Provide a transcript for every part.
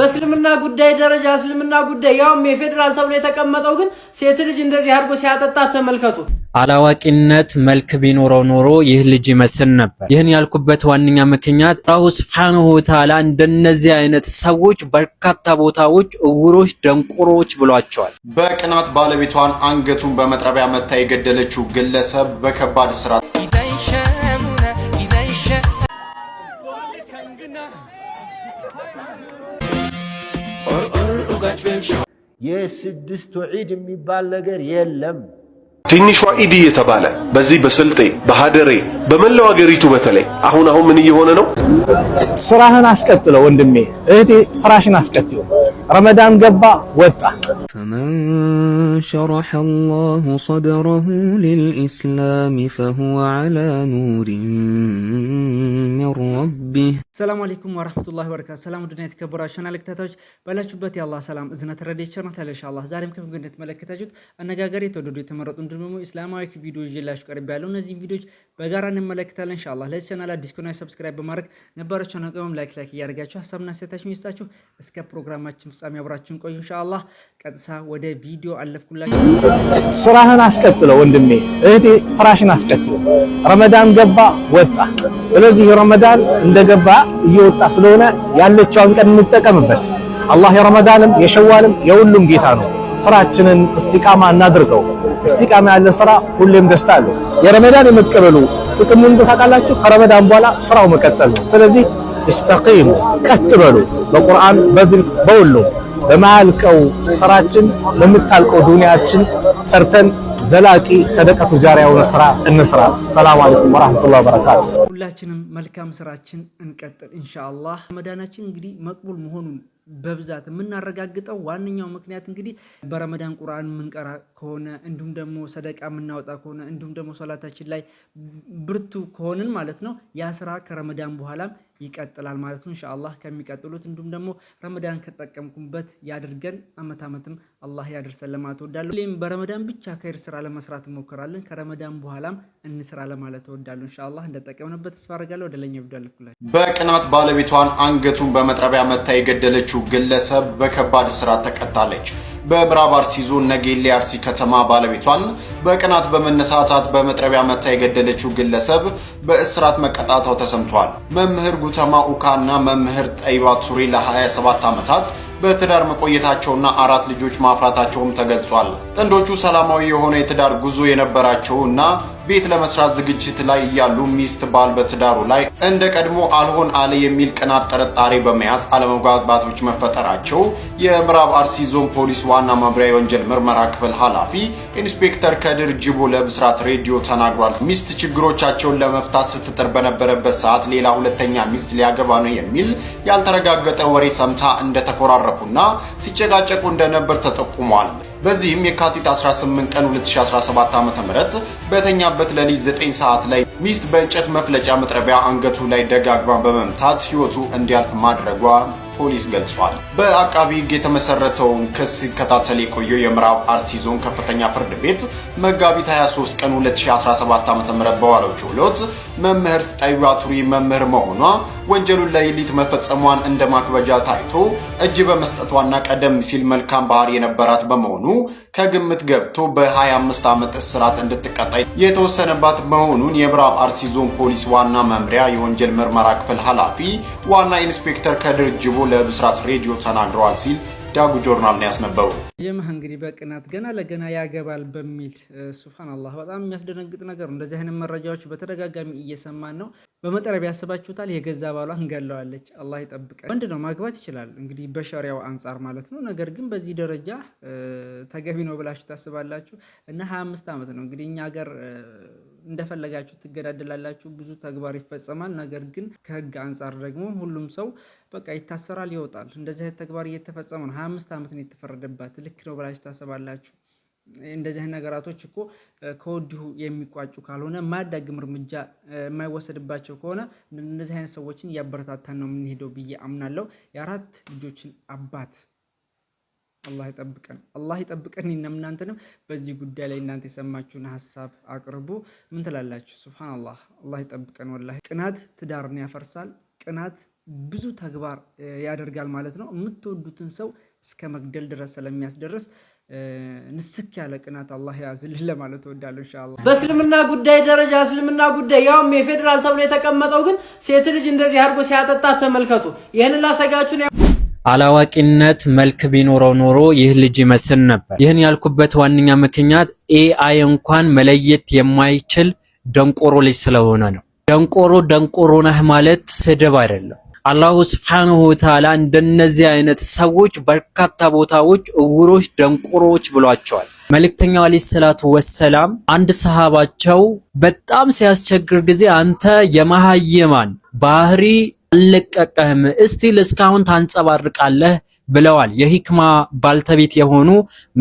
በእስልምና ጉዳይ ደረጃ እስልምና ጉዳይ ያውም የፌዴራል ተብሎ የተቀመጠው ግን ሴት ልጅ እንደዚህ አድርጎ ሲያጠጣ ተመልከቱ። አላዋቂነት መልክ ቢኖረው ኖሮ ይህ ልጅ ይመስል ነበር። ይህን ያልኩበት ዋነኛ ምክንያት አላሁ ስብሓንሁ ተዓላ እንደነዚህ አይነት ሰዎች በርካታ ቦታዎች እውሮች፣ ደንቁሮች ብሏቸዋል። በቅናት ባለቤቷን አንገቱን በመጥረቢያ መታ የገደለችው ግለሰብ በከባድ ስራ የስድስቱ ዒድ የሚባል ነገር የለም። ትንሿ ኢድ እየተባለ በዚህ በስልጤ በሀደሬ በመላው ሀገሪቱ በተለይ አሁን አሁን ምን እየሆነ ነው? ስራህን አስቀጥለው ወንድሜ እህቴ፣ ስራሽን አስቀጥለው ረመዳን ገባ ወጣ። ፈመን ሸረሐ አላሁ ሰድረሁ ሊልኢስላም ፈሁወ ዐላ ኑሪን ሚን ረቢህ። ሰላሙ አለይኩም ወረሕመቱላሂ ወበረካቱህ። ሰላም ውድና የተከበራችሁ ተከታታዮች ባላችሁበት የአላህ ሰላም እዝነት ረድኤት ቸርነት ይለሻላህ። ዛሬም ከፊት እንደተመለከታችሁት አነጋገር የተወደዱ የተመረጡ እንዲሁም ደግሞ እስላማዊ ቪዲዮ ይዤላችሁ ቀርቤያለሁ። እነዚህን ቪዲዮዎች በጋራ እንመለከታለን ኢንሻአላህ። ለዚህ ቻናል አዲስ ከሆናችሁ ሰብስክራይብ በማድረግ ነባሮች ላይክ ላይክ እያደረጋችሁ ሀሳብና አስተያየታችሁን ይስጣችሁ። እስከ ፕሮግራማችን ፍጻሜ አብራችሁን ቆዩ። ኢንሻአላህ ቀጥታ ወደ ቪዲዮ አለፍኩላችሁ። ስራህን አስቀጥለው ወንድሜ እህቴ፣ ስራሽን አስቀጥለው። ረመዳን ገባ ወጣ። ስለዚህ ረመዳን እንደገባ እየወጣ ስለሆነ ያለችውን ቀን እንጠቀምበት። አላህ የረመዳንም የሸዋልም የሁሉም ጌታ ነው። ስራችንን እስቲቃማ እናድርገው። እስቲቃማ ያለ ስራ ሁሌም ደስታ አለው። የረመዳን የመቀበሉ ጥቅሙን ታውቃላችሁ። ከረመዳን በኋላ ስራው መቀጠል ነው። ስለዚህ እስተቂሙ ቀጥ በሉ። በቁርአን በድር በሁሉም በማያልቀው ስራችን በምታልቀው ዱንያችን ሰርተን ዘላቂ ሰደቀቱ ጃሪያ የሆነ ስራ እንስራ። ሰላም አለይኩም ወራህመቱላሂ ወበረካቱ። ሁላችንም መልካም ስራችን እንቀጥል ኢንሻአላህ። ረመዳናችን እንግዲህ መቅቡል መሆኑን በብዛት የምናረጋግጠው ዋነኛው ምክንያት እንግዲህ በረመዳን ቁርአን የምንቀራ ከሆነ እንዲሁም ደግሞ ሰደቃ የምናወጣ ከሆነ እንዲሁም ደግሞ ሶላታችን ላይ ብርቱ ከሆንን ማለት ነው ያ ስራ ከረመዳን በኋላም ይቀጥላል ማለት ነው። ኢንሻአላህ ከሚቀጥሉት እንዲሁም ደግሞ ረመዳን ከጠቀምኩበት ያድርገን። አመት አመትም አላህ ያደርሰን ለማለት እወዳለሁ። ሁሌም በረመዳን ብቻ ከይር ስራ ለመስራት እንሞክራለን። ከረመዳን በኋላም እንስራ ለማለት እወዳለሁ። ኢንሻአላህ እንደጠቀምንበት ተስፋ አደርጋለሁ። ወደ ለኛ ቪዲዮ አለኩላችሁ። በቅናት ባለቤቷን አንገቱን በመጥረቢያ መታ የገደለችው ግለሰብ በከባድ ስራ ተቀጣለች። በምዕራብ አርሲ ዞን ነገሌ አርሲ ከተማ ባለቤቷን በቅናት በመነሳሳት በመጥረቢያ መታ የገደለችው ግለሰብ በእስራት መቀጣታው ተሰምቷል። መምህር ጉተማ ኡካ እና መምህር ጠይባ ቱሪ ለ27 ዓመታት በትዳር መቆየታቸውና አራት ልጆች ማፍራታቸውም ተገልጿል። ጥንዶቹ ሰላማዊ የሆነ የትዳር ጉዞ የነበራቸው እና ቤት ለመስራት ዝግጅት ላይ እያሉ ሚስት ባል በትዳሩ ላይ እንደ ቀድሞ አልሆን አለ የሚል ቅናት ጥርጣሬ በመያዝ አለመግባባቶች መፈጠራቸው የምዕራብ አርሲ ዞን ፖሊስ ዋና መምሪያ የወንጀል ምርመራ ክፍል ኃላፊ ኢንስፔክተር ከድር ጅቦ ለብስራት ሬዲዮ ተናግሯል። ሚስት ችግሮቻቸውን ለመፍታት ስትጥር በነበረበት ሰዓት ሌላ ሁለተኛ ሚስት ሊያገባ ነው የሚል ያልተረጋገጠ ወሬ ሰምታ እንደተኮራረፉና ሲጨቃጨቁ እንደነበር ተጠቁሟል። በዚህም የካቲት 18 ቀን 2017 ዓ.ም በተኛበት ለሊት 9 ሰዓት ላይ ሚስት በእንጨት መፍለጫ መጥረቢያ አንገቱ ላይ ደጋግማ በመምታት ሕይወቱ እንዲያልፍ ማድረጓ ፖሊስ ገልጿል። በአቃቢ የተመሰረተው የተመሰረተውን ክስ ሲከታተል የቆየው የምዕራብ አርሲ ዞን ከፍተኛ ፍርድ ቤት መጋቢት 23 ቀን 2017 ዓ.ም በዋለው ችሎት መምህርት ጣይባ ቱሪ መምህር መሆኗ ወንጀሉን ለይሊት መፈጸሟን እንደ ማክበጃ ታይቶ እጅ በመስጠቷና ቀደም ሲል መልካም ባህሪ የነበራት በመሆኑ ከግምት ገብቶ በ25 ዓመት እስራት እንድትቀጣ የተወሰነባት መሆኑን የምዕራብ አርሲ ዞን ፖሊስ ዋና መምሪያ የወንጀል ምርመራ ክፍል ኃላፊ ዋና ኢንስፔክተር ከድር ጅቦ ለብስራት ሬዲዮ ተናግረዋል ሲል ዳጉ ጆርናል ነው ያስነበበው። እንግዲህ በቅናት ገና ለገና ያገባል በሚል ሱብሃናላህ፣ በጣም የሚያስደነግጥ ነገር እንደዚህ አይነት መረጃዎች በተደጋጋሚ እየሰማን ነው። በመጠረብ ያስባችሁታል። የገዛ ባሏ እንገለዋለች። አላህ ይጠብቀ። ወንድ ነው ማግባት ይችላል፣ እንግዲህ በሸሪያው አንጻር ማለት ነው። ነገር ግን በዚህ ደረጃ ተገቢ ነው ብላችሁ ታስባላችሁ? እና 25 ዓመት ነው እንግዲህ እኛ ሀገር እንደፈለጋችሁ ትገዳደላላችሁ፣ ብዙ ተግባር ይፈጸማል። ነገር ግን ከህግ አንጻር ደግሞ ሁሉም ሰው በቃ ይታሰራል፣ ይወጣል። እንደዚህ አይነት ተግባር እየተፈጸመ ነው። 25 አምስት ዓመት ነው የተፈረደባት። ልክ ነው ብላችሁ ታስባላችሁ? እንደዚህ ነገራቶች እኮ ከወዲሁ የሚቋጩ ካልሆነ ማያዳግም እርምጃ የማይወሰድባቸው ከሆነ እንደዚህ አይነት ሰዎችን እያበረታታን ነው የምንሄደው ብዬ አምናለሁ። የአራት ልጆችን አባት አላህ ይጠብቀን። አላህ ይጠብቀን። እኔንም እናንተንም በዚህ ጉዳይ ላይ እናንተ የሰማችሁን ሀሳብ አቅርቡ። ምን ትላላችሁ? ሱብሃነላህ። አላህ ይጠብቀን። ወላሂ ቅናት ትዳርን ያፈርሳል። ቅናት ብዙ ተግባር ያደርጋል ማለት ነው። የምትወዱትን ሰው እስከ መግደል ድረስ ስለሚያስደርስ ንስክ ያለ ቅናት አላህ ያዝልን ለማለት እወዳለሁ። ኢንሻአላህ በእስልምና ጉዳይ ደረጃ እስልምና ጉዳይ ያውም የፌዴራል ተብሎ የተቀመጠው ግን ሴት ልጅ እንደዚህ አድርጎ ሲያጠጣ ተመልከቱ። ይህን ላሰጋችሁን አላዋቂነት መልክ ቢኖረው ኖሮ ይህ ልጅ ይመስል ነበር። ይህን ያልኩበት ዋነኛ ምክንያት ኤአይ እንኳን መለየት የማይችል ደንቆሮ ልጅ ስለሆነ ነው። ደንቆሮ ደንቆሮ ነህ ማለት ስድብ አይደለም። አላሁ ስብሓንሁ ወተዓላ እንደነዚህ አይነት ሰዎች በርካታ ቦታዎች እውሮች፣ ደንቆሮዎች ብሏቸዋል። መልእክተኛው አለይሂ ሰላቱ ወሰላም አንድ ሰሃባቸው በጣም ሲያስቸግር ጊዜ አንተ የመሃይማን ባህሪ አልለቀቀህም እስቲል እስካሁን ታንጸባርቃለህ ብለዋል የሂክማ ባልተቤት የሆኑ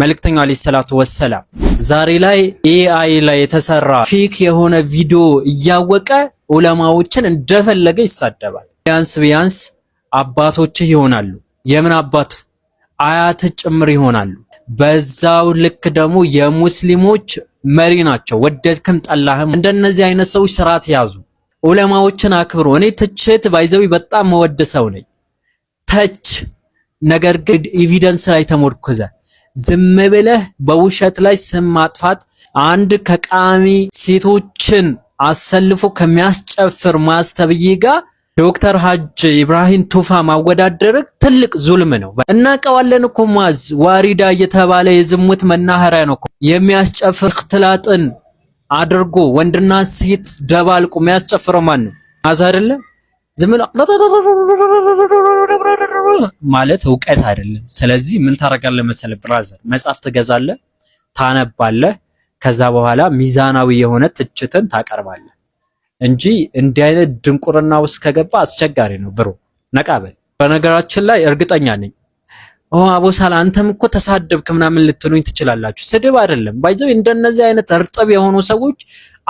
መልእክተኛው አለይሂ ሰላቱ ወሰላም። ዛሬ ላይ ኤአይ ላይ የተሰራ ፌክ የሆነ ቪዲዮ እያወቀ ዑለማዎችን እንደፈለገ ይሳደባል። ቢያንስ ቢያንስ አባቶችህ ይሆናሉ፣ የምን አባት አያትህ ጭምር ይሆናሉ። በዛው ልክ ደግሞ የሙስሊሞች መሪ ናቸው። ወደድክም ጠላህም እንደነዚህ አይነት ሰዎች ስርዓት ያዙ። ዑለማዎችን አክብሮ እኔ ትችት ባይዘዊ በጣም መወድ ሰው ነኝ። ተች ነገር ግን ኤቪደንስ ላይ ተሞርኩዘ ዝም ብለህ በውሸት ላይ ስም ማጥፋት አንድ ከቃሚ ሴቶችን አሰልፎ ከሚያስጨፍር ማስተብዬ ጋር ዶክተር ሀጅ ኢብራሂም ቱፋ ማወዳደር ትልቅ ዙልም ነው። እናቀዋለን እኮ ማዝ ዋሪዳ እየተባለ የዝሙት መናኸሪያ ነው የሚያስጨፍር ክትላጥን አድርጎ ወንድና ሴት ደባልቁ የሚያስጨፍረው ማን ነው? አዛ አይደለ? ዝም ብሎ ማለት እውቀት አይደለም። ስለዚህ ምን ታደርጋለህ መሰለህ? ብራዘር መጽሐፍ ትገዛለህ፣ ታነባለህ። ከዛ በኋላ ሚዛናዊ የሆነ ትችትን ታቀርባለህ እንጂ እንዲህ አይነት ድንቁርና ውስጥ ከገባ አስቸጋሪ ነው። ብሮ ነቃበል። በነገራችን ላይ እርግጠኛ ነኝ ኦ አቦሳላ አንተም እኮ ተሳደብክ ምናምን ልትሉኝ ትችላላችሁ። ስድብ አይደለም ባይዘው እንደነዚህ አይነት እርጥብ የሆኑ ሰዎች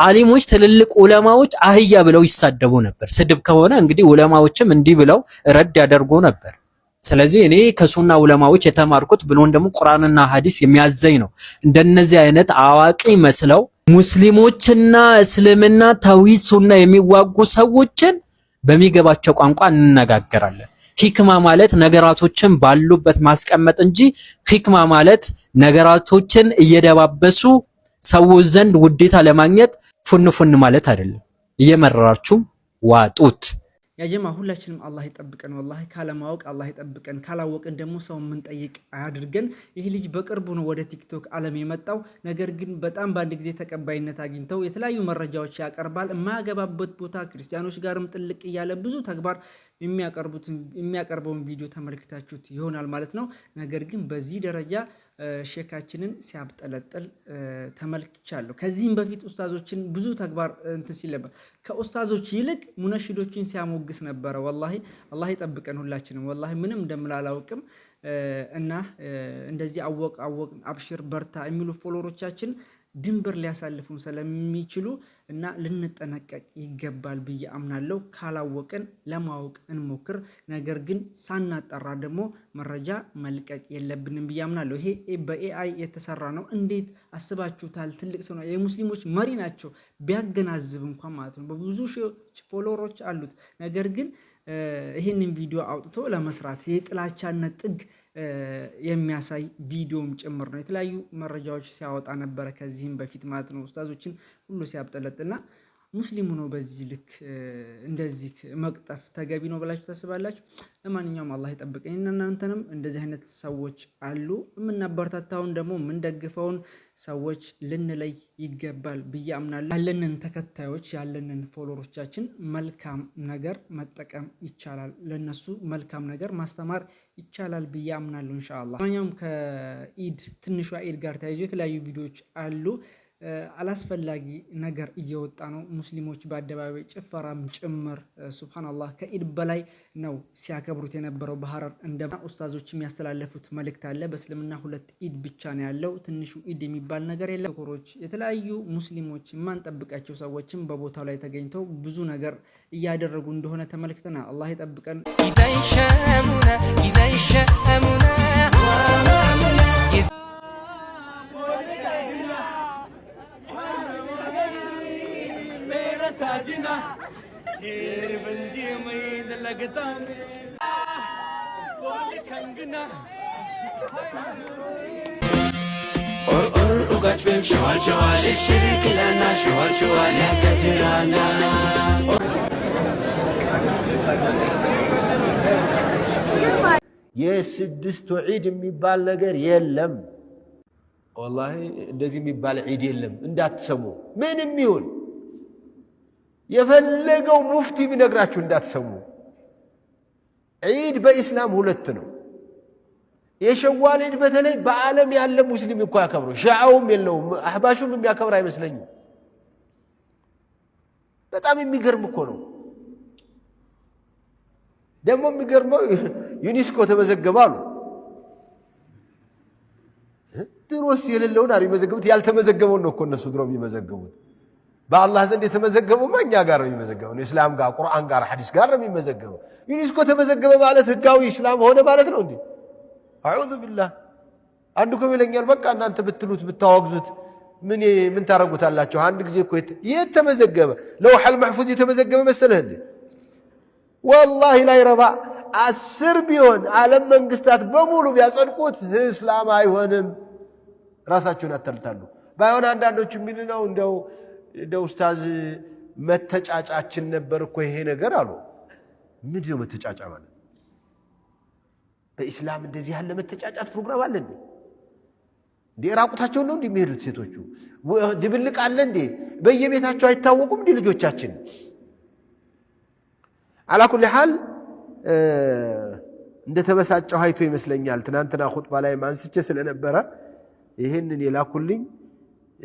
አሊሞች፣ ትልልቅ ዑለማዎች አህያ ብለው ይሳደቡ ነበር። ስድብ ከሆነ እንግዲህ ዑለማዎችም እንዲህ ብለው ረድ ያደርጉ ነበር። ስለዚህ እኔ ከሱና ዑለማዎች የተማርኩት ብሎን ደግሞ ቁርአንና ሐዲስ የሚያዘኝ ነው። እንደነዚህ አይነት አዋቂ መስለው ሙስሊሞችና እስልምና ተውሂድ ሱና የሚዋጉ ሰዎችን በሚገባቸው ቋንቋ እንነጋገራለን። ሂክማ ማለት ነገራቶችን ባሉበት ማስቀመጥ እንጂ ሂክማ ማለት ነገራቶችን እየደባበሱ ሰዎች ዘንድ ውዴታ ለማግኘት ፉን ፉን ማለት አይደለም። እየመረራችሁ ዋጡት። ያጀማ ሁላችንም አላህ ይጠብቀን። ወላሂ ካለማወቅ አላህ ይጠብቀን። ካላወቅን ደግሞ ሰው የምንጠይቅ አድርገን። ይህ ልጅ በቅርቡ ነው ወደ ቲክቶክ ዓለም የመጣው። ነገር ግን በጣም በአንድ ጊዜ ተቀባይነት አግኝተው የተለያዩ መረጃዎች ያቀርባል። የማያገባበት ቦታ ክርስቲያኖች ጋርም ጥልቅ እያለ ብዙ ተግባር የሚያቀርቡትን የሚያቀርበውን ቪዲዮ ተመልክታችሁት ይሆናል ማለት ነው። ነገር ግን በዚህ ደረጃ ሼካችንን ሲያብጠለጥል ተመልክቻለሁ። ከዚህም በፊት ኡስታዞችን ብዙ ተግባር እንትን ሲል ነበር። ከኡስታዞች ይልቅ ሙነሽዶችን ሲያሞግስ ነበረ። ወላሂ አላህ ይጠብቀን ሁላችንም። ወላሂ ምንም እንደምላላውቅም እና እንደዚህ አወቅ አወቅ፣ አብሽር፣ በርታ የሚሉ ፎሎሮቻችን ድንበር ሊያሳልፉን ስለሚችሉ እና ልንጠነቀቅ ይገባል ብዬ አምናለሁ። ካላወቅን ለማወቅ እንሞክር፣ ነገር ግን ሳናጠራ ደግሞ መረጃ መልቀቅ የለብንም ብዬ አምናለሁ። ይሄ በኤአይ የተሰራ ነው። እንዴት አስባችሁታል? ትልቅ ሰው ነው፣ የሙስሊሞች መሪ ናቸው። ቢያገናዝብ እንኳን ማለት ነው። በብዙ ሺዎች ፎሎወሮች አሉት። ነገር ግን ይህንን ቪዲዮ አውጥቶ ለመስራት የጥላቻነት ጥግ የሚያሳይ ቪዲዮም ጭምር ነው። የተለያዩ መረጃዎች ሲያወጣ ነበረ ከዚህም በፊት ማለት ነው። ኡስታዞችን ሁሉ ሲያብጠለጥና ሙስሊሙ ነው በዚህ ልክ እንደዚህ መቅጠፍ ተገቢ ነው ብላችሁ ታስባላችሁ? ለማንኛውም አላህ ይጠብቀኝ እና እናንተንም። እንደዚህ አይነት ሰዎች አሉ። የምናበረታታውን ደግሞ የምንደግፈውን ሰዎች ልንለይ ይገባል ብዬ አምናለሁ። ያለንን ተከታዮች ያለንን ፎሎሮቻችን መልካም ነገር መጠቀም ይቻላል፣ ለነሱ መልካም ነገር ማስተማር ይቻላል ብዬ አምናለሁ። እንሻላ ማንኛውም ከኢድ ትንሿ ኢድ ጋር ተያይዞ የተለያዩ ቪዲዮዎች አሉ። አላስፈላጊ ነገር እየወጣ ነው። ሙስሊሞች በአደባባይ ጭፈራም ጭምር ሱብሃነላህ ከኢድ በላይ ነው ሲያከብሩት የነበረው በሀረር እንደ ኡስታዞች የሚያስተላለፉት መልእክት አለ። በእስልምና ሁለት ኢድ ብቻ ነው ያለው። ትንሹ ኢድ የሚባል ነገር የለም። ኮሮች የተለያዩ ሙስሊሞች የማንጠብቃቸው ሰዎችም በቦታው ላይ ተገኝተው ብዙ ነገር እያደረጉ እንደሆነ ተመልክተናል። አላህ ይጠብቀን። निर्बंजी मईद लगता में खंगना और Or उगच में şuval şuval şirin kilana şuval şuval yakatırana የስድስቱ ዒድ የሚባል ነገር የለም። ወላሂ እንደዚህ የሚባል ዒድ የለም። እንዳትሰሙ ምንም ይሁን የፈለገው ሙፍቲ ቢነግራችሁ እንዳትሰሙ። ዒድ በኢስላም ሁለት ነው። የሸዋል ዒድ በተለይ በዓለም ያለ ሙስሊም እኮ ያከብረው፣ ሻዓውም የለውም አህባሹም የሚያከብር አይመስለኝም። በጣም የሚገርም እኮ ነው። ደግሞ የሚገርመው ዩኒስኮ ተመዘገበ አሉ። ድሮስ የሌለውን አይመዘገቡት፣ ያልተመዘገበውን ነው እኮ እነሱ ድሮ የሚመዘገቡት። በአላህ ዘንድ የተመዘገበውማ እኛ ጋር ነው የሚመዘገበው፣ እስላም ጋር፣ ቁርአን ጋር፣ ሐዲስ ጋር ነው የሚመዘገበው። ዩኒስኮ ተመዘገበ ማለት ህጋዊ እስላም ሆነ ማለት ነው እንዴ? አዑዙ ቢላህ። አንድ እኮ ይለኛል፣ በቃ እናንተ ብትሉት ብታወግዙት ምን ምን ታረጉታላችሁ? አንድ ጊዜ እኮ የት ተመዘገበ? ለውሐል መሕፉዝ የተመዘገበ መሰለህ እንዴ? ወላሂ ላይ ረባ አስር ቢሆን ዓለም መንግስታት በሙሉ ቢያጸድቁት እስላም አይሆንም። ራሳችሁን አታልታሉ። ባይሆን አንዳንዶቹ የሚልነው እንደው እንደ ኡስታዝ መተጫጫችን ነበር እኮ ይሄ ነገር አሉ። ምንድን ነው መተጫጫ ማለት? በኢስላም እንደዚህ ያለ መተጫጫት ፕሮግራም አለ እንዴ? እንዴ ራቁታቸው ነው እንዲህ የሚሄዱት ሴቶቹ? ድብልቅ አለ እንዴ? በየቤታቸው አይታወቁም እንዲህ ልጆቻችን? አላኩል ሃል እንደ ተበሳጨው አይቶ ይመስለኛል። ትናንትና ሁጥባ ላይ ማንስቼ ስለነበረ ይህንን የላኩልኝ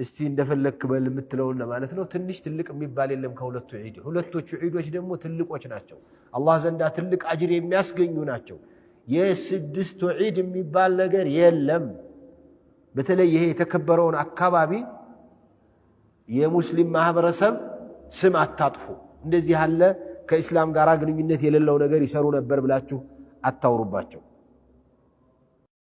እስቲ እንደፈለግ በል የምትለውን ለማለት ነው። ትንሽ ትልቅ የሚባል የለም ከሁለቱ ዒድ። ሁለቶቹ ዒዶች ደግሞ ትልቆች ናቸው፣ አላህ ዘንዳ ትልቅ አጅር የሚያስገኙ ናቸው። የስድስቱ ዒድ የሚባል ነገር የለም። በተለይ ይሄ የተከበረውን አካባቢ የሙስሊም ማህበረሰብ ስም አታጥፉ፣ እንደዚህ ያለ ከእስላም ጋር ግንኙነት የሌለው ነገር ይሰሩ ነበር ብላችሁ አታውሩባቸው።